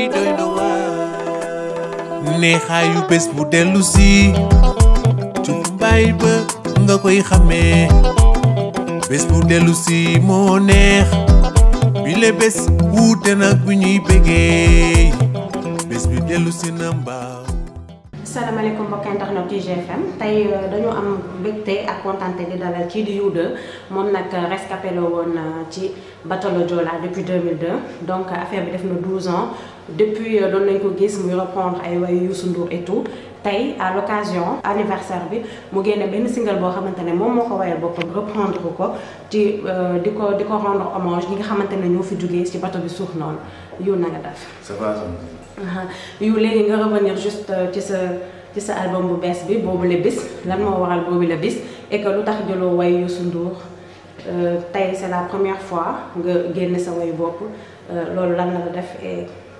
tey doy na waar neexaayu bés bu dellu si cumbaay ba nga koy xamee bés bu dellu si moo neex bi le bés wuute nag bu ñuy bégee bés bi dellu si na mbaaw asalaamaaleykum mbokk internet yi GFM tay dañu am mbégte ak kontaante di dalal ci diou You'Deu mom nak euh, rescapé la woon euh, ci bateau le depuis 2002 donc euh, affaire bi def na 12 ans depuis doon euh, nañ ko gis muy reprendre ay way yousundour et tout tay à l'occasion anniversaire bi mu génne ben single boo xamante ne moom moo ko wayal boppam reprendre ko ci di diko euh, di rendre hommage ñi nga xamante ñoo fi jugee ci bato bi suuf noonu yu na nga def. ça va ça yu légui nga revenir juste euh, ci ce ci sa album bu bess bi bobu le bis lan mo waral bobu le bis et que lutax tax way yousundour euh, Ndour c'est la première fois nga génne sa wayu bopp loolu lan la def et.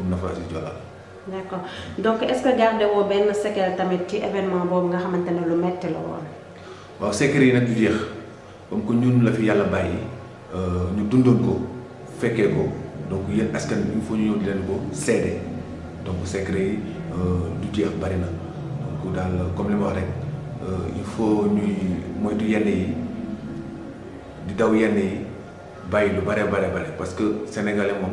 comme Nafaasi Jola d' accord donc est ce que garder woo ben séquelle tamit ci événement boobu nga xamantene lu metti la woon. waaw séquelles yi nag du jeex comme que ñun la fi yalla bayyi euh ñu dundoon ko féké ko donc yeen askan ñu fo faut ñëw di len ko cédé. donc secret yi euh, du jeex bari na donc daal comme li ma wax rek euh, il faut ñuy moytu yenn yi di daw yenn yi bàyyi lu bare bare bare parce que sénégalais mom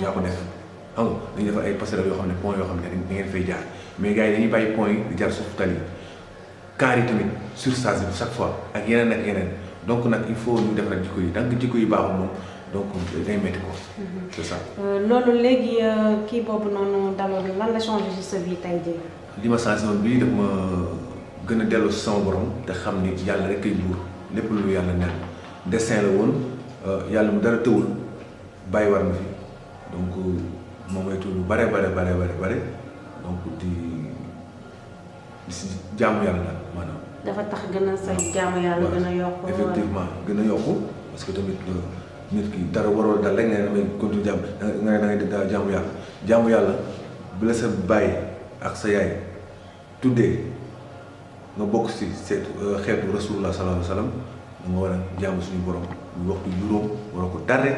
yaa ko def xam nga dañuy defar ay passerelles yoo xam ne point yoo xam ne da ngeen fay jaar mais gars yi dañuy bàyyi point yi di jaar suuf tali kaar fois ak yeneen donc nag il faut ñu defaraat jikko yi donc jikko yi baaxul moom donc day métti ko. Mhm. c'est euh, euh, kii boobu noonu daloon lan la changé ci sa vie li ma changé bii daf ma gën a dellu si sama borom te xam ni yàlla rek kay buur lépp lu yàlla nekk destin la woon euh, yàlla mu dara tëwul bàyyi war na fi. donc euh, ma moytu lu bu bare bare bare bare donc di si jaamu yàlla maanaam. dafa tax gën a sa jaamu yàlla gën a yokku. effectivement gën a yokk parce que tamit euh, nit ki dara waroo dal rek nga ne damay continuer jàmm nga ne yàlla jaamu yàlla bi la sa bàyyi ak sa yaay tuddee nga bokk si seet euh, xeetu rasulullah sallallahu alayhi wa sallam war a jaamu suñu borom waxtu juróom waroo ko tardé.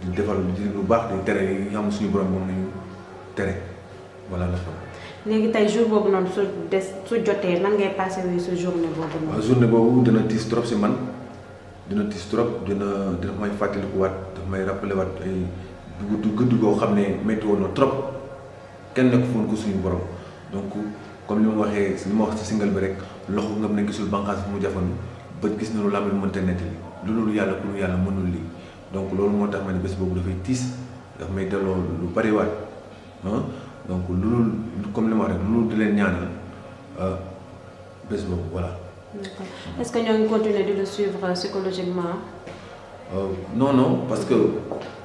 di defal lu baax di tere yi nga xam suñu borom moom nañu tere voilà la fa léegi tey jour boobu noonu su des su jotee nan ngay passé wu sa journée boobu noonu. waaw journée boobu dina tiis trop si man dina tiis trop dina dina may fàttalikuwaat daf may rappelé waat ay dugg guddi goo xam ne métti woon na trop kenn nekk foon ko suñu borom donc comme li ma waxee li ma wax ci single bi rek loxo ngam na gisul bànqaas bi mu jafandu ba gis na lu làmb mënta nettali loolu yàlla ku mënul lii. donc ce motax mané ma fait de fay may hein? donc comme le di euh, voilà. est-ce que vous continuer le suivre euh, psychologiquement. Euh, non non parce que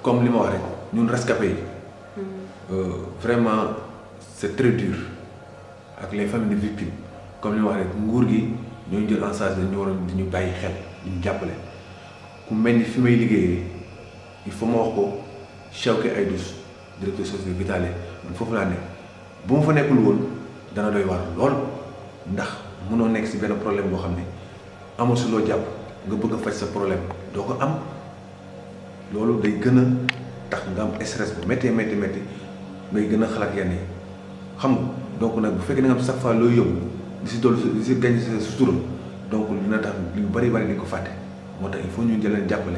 comme les ñun rescapés hmm. vraiment c'est très dur Avec les femmes de victimes comme nguur gi jël en charge ñu xel ñu ku il faut ma wax ko chewke ay Aydous directeur société vitale man foofu laa ne bu mu fa nekul won dana doy war lol ndax mëno nek ci ben problème bo xamné ne amoo lo japp nga bëgg a sa problème doo ko am lolou day gëna tax nga am stress bu metti metti metti may gëna xalat xalaat yenn yi xam nga donc nak bu fekk da nga am chaque fois lo yóbbu di ci dolli di ci gañ sa sutura donc dina tax lu bari bari di ko faté motax il faut ñu jëleen jappalé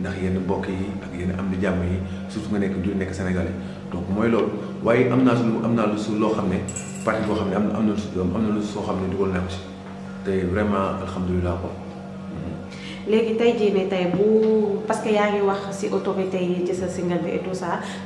ndax yenn mbokk yi ak yenn am di jàmm yi surtout nga nekk du nekk sénégalais donc mooy loolu waaye am naa lu am naa su loo xam ne parti boo xam ne am na am na am na lu soo xam ne dugal naa ko si te vraiment alhamdulilah ko mhm. léegi tey jii ne tey bu parce que yaa ngi wax ci autorité yi ci sa single bi et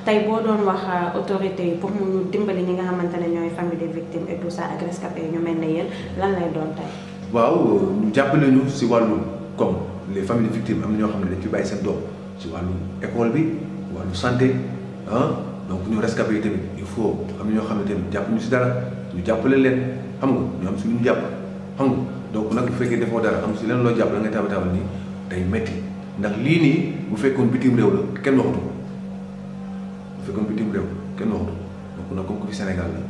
tey boo doon wax euh, autorité yi pour mu dimbali ñi nga xamante ne ñooy famille des victimes et tout ça ak rescapé ñu mel ne yéen lan lay doon tey. waaw jàppale ñu ci wàllu koom. les familles victimes am ñoo xamné ne dañ fi bàyyi seen doom ci walu école bi walu santé hein donc ñu rescapé tamit il faut am ñoo xamné ne tamit jàpp ñu si dara ñu jàppale leen xam nga ñu am si lu ñu jàpp xam nga donc nak bu fekkee defoo dara am ci leen lo japp la ngay tabatabal ni day metti ndax li ni bu fekkoon bitim rew la kenn waxatu bu fekkoon bitim rew kenn waxatu donc nak comme ko fi Sénégal la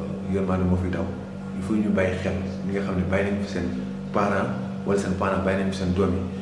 euh, yermane mo fi daw il faut ñu bàyyi xel ñi nga xamné ne bàyyi nañ fi seen parents wala seen parents bàyyi nañ fi seen doom yi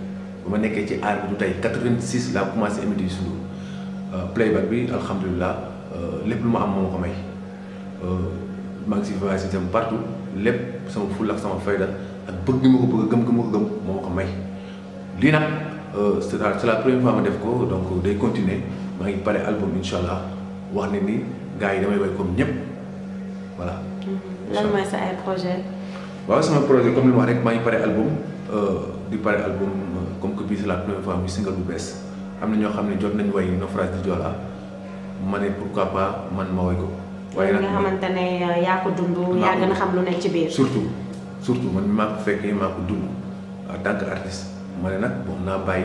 bu ma nekkee ci aar bi du tey 86 laa commencé émité sunu euh, playback bi alhamdulilah euh, lépp lu ma am moo ko may euh, maa ngi si voyage itam partout lépp sama fulla ak sama fayda ak bëgg gi ma ko bëgg gëm gi ma ko gëm moo ma may lii nag c'est la première fois ma def ko donc day continuer maa ngi pare album insha wax ne ni gars yi damay way comme ñëpp voilà mm-hmm. lan mooy sa ay projet waaw sama projet comme li ma wax rek maa ngi pare album di pare album bi c'est la première fois mu single bu bees amna ño ñoo jot nañ way no phrase di jola mané pourquoi pas man ma way ko way nak nga xamante ya ko dund ya gën xam lu ne ci biir surtout surtout man ma ko fekkee maa ko dund en tant que artiste mané nak bon na naa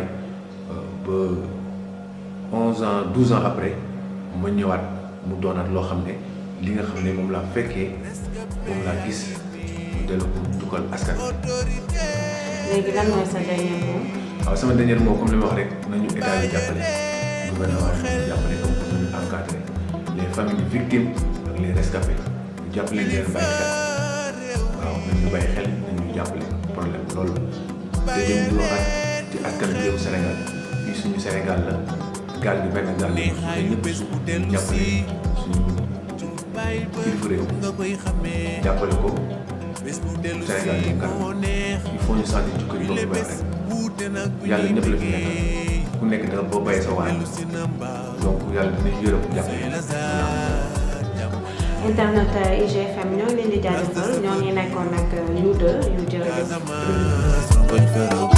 euh, ba 11 ans 12 ans après ma ñëwaat mu donat lo xamné li nga xamné mom la laa mom la gis mu dellu ko dukal askan léegi lan mooy sa dernier mot waaw sama dernier mot comme li ma wax rek nañu état bi jàppale gouvernement jàppale donc pour jàppale ko Sénégal ñu kanam il faut ci kër yi ba mu rek yàlla ñëpp la fi nekkal ku nekk danga boo bàyyi sa waay donc yàlla dina yërëm jàpp internet IGFM ñoo ngi leen di jaajëfal ñoo ngi nekkoon nag ñu deux ñu jël